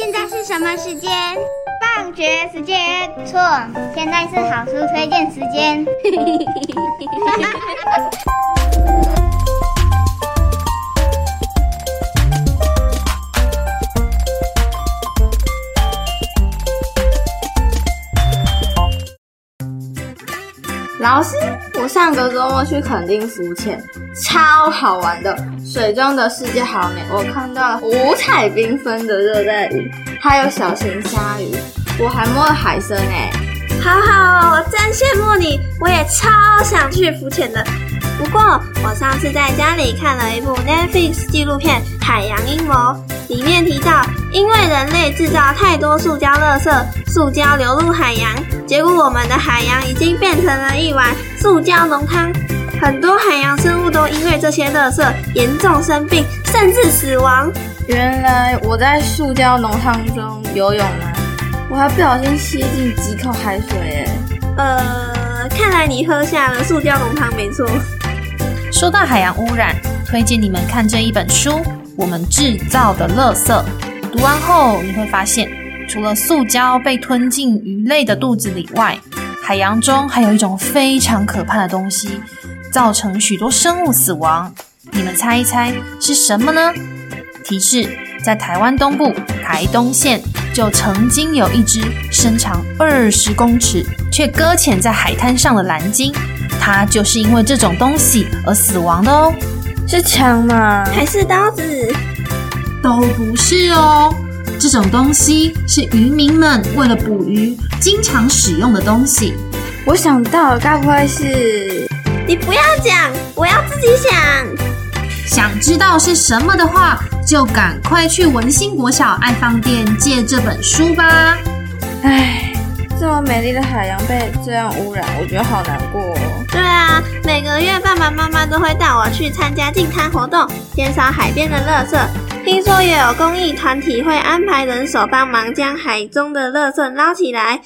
現在是什麼時間？放學時間。錯，現在是好書推薦時間。 老師，我上個周末去墾丁浮潛，超好玩的。水中的世界好美，我看到了五彩繽紛的熱帶魚，還有小型鯊魚。我還摸了海參，哎，好好，我真羨慕你，我也超想去浮潛的。不過我上次在家裡看了一部 Netflix 紀錄片《海洋陰謀》，裡面提到，因為人類製造太多塑膠垃圾，塑膠流入海洋，結果我們的海洋已經變成了一碗塑膠濃湯，很多海洋生因為這些垃圾嚴重生病，甚至死亡。原來我在塑膠濃湯中游泳嗎？我還不小心吸進幾口海水欸。呃，看來你喝下了塑膠濃湯沒錯。說到海洋污染，推薦你們看這一本書《我們製造的垃圾》。讀完後你會發現，除了塑膠被吞進魚類的肚子裡外，海洋中還有一種非常可怕的東西。造成許多生物死亡，你們猜一猜是什麼呢？提示：在台灣東部台東縣，就曾經有一隻身長二十公尺卻擱淺在海灘上的藍鯨，它就是因為這種東西而死亡的哦。是槍嗎？還是刀子？都不是哦，這種東西是漁民們為了捕魚經常使用的東西。我想到，該不會是？你不要講，我要自己想。想知道是什麼的話，就趕快去文欣國小愛放店借這本書吧。唉，這麼美麗的海洋被這樣污染，我覺得好難過哦。對啊，每個月爸爸媽媽都會帶我去參加淨灘活動，減少海邊的垃圾。聽說也有公益團體會安排人手幫忙將海中的垃圾撈起來。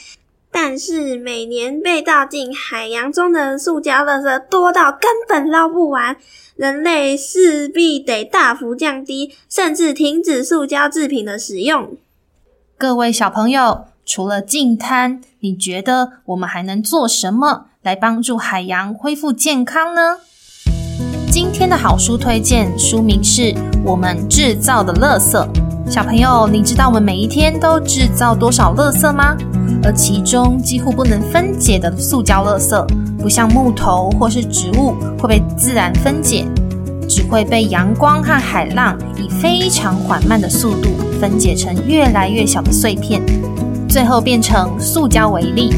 但是，每年被倒進海洋中的塑膠垃圾多到根本撈不完，人類勢必得大幅降低，甚至停止塑膠製品的使用。各位小朋友，除了淨灘，你覺得我們還能做什麼來幫助海洋恢復健康呢？今天的好書推薦書名是《我們製造的垃圾》。小朋友，你知道我們每一天都製造多少垃圾嗎？而其中幾乎不能分解的塑膠垃圾，不像木頭或是植物會被自然分解，只會被陽光和海浪以非常緩慢的速度分解成越來越小的碎片，最後變成塑膠微粒。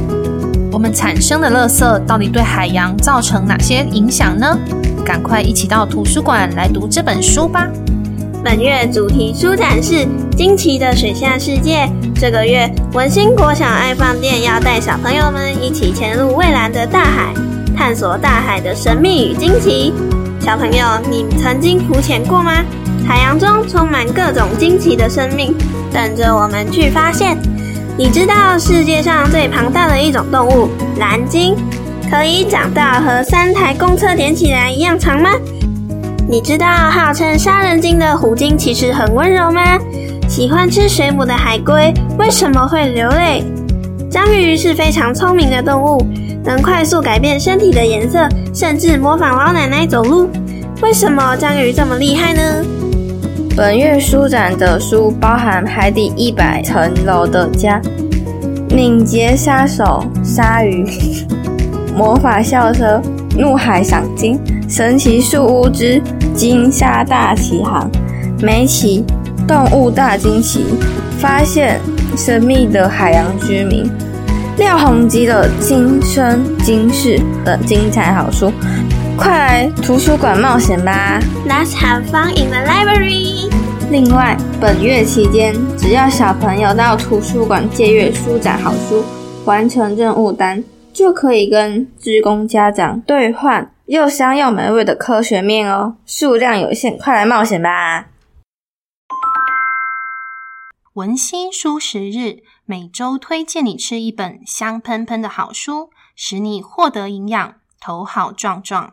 我們產生的垃圾到底對海洋造成哪些影響呢？趕快一起到圖書館來讀這本書吧。本月主題書展是「驚奇的水下世界」。這個月，文欣國小愛放電要帶小朋友們一起潛入蔚藍的大海，探索大海的神秘與驚奇。小朋友，你曾經浮潛過嗎？海洋中充滿各種驚奇的生命，等着我們去發現。你知道世界上最龐大的一種動物——藍鯨，可以長到和三台公車疊起來一樣長嗎？你知道號稱殺人鯨的虎鯨其實很溫柔嗎？喜歡吃水母的海龜為什麼會流淚？章魚是非常聰明的動物，能快速改變身體的顏色，甚至模仿老奶奶走路。為什麼章魚這麼厲害呢？本月書展的書包含《海底一百層樓的家》《敏捷殺手鯊魚》《魔法校車》《怒海賞金》《神奇樹屋之》。《鯨鯊大奇航》《美奇動物大驚奇》發現神秘的海洋居民，廖鴻基的《今生今世》的精彩好書，快來圖書館冒險吧！Let's have fun in the library。另外，本月期間，只要小朋友到圖書館借閱書展好書，完成任務單。就可以跟志工家長兌換又香又美味的科學麵哦，數量有限，快來冒險吧！文欣書食日，每周推薦你吃一本香噴噴的好書，使你獲得營養，頭好壯壯。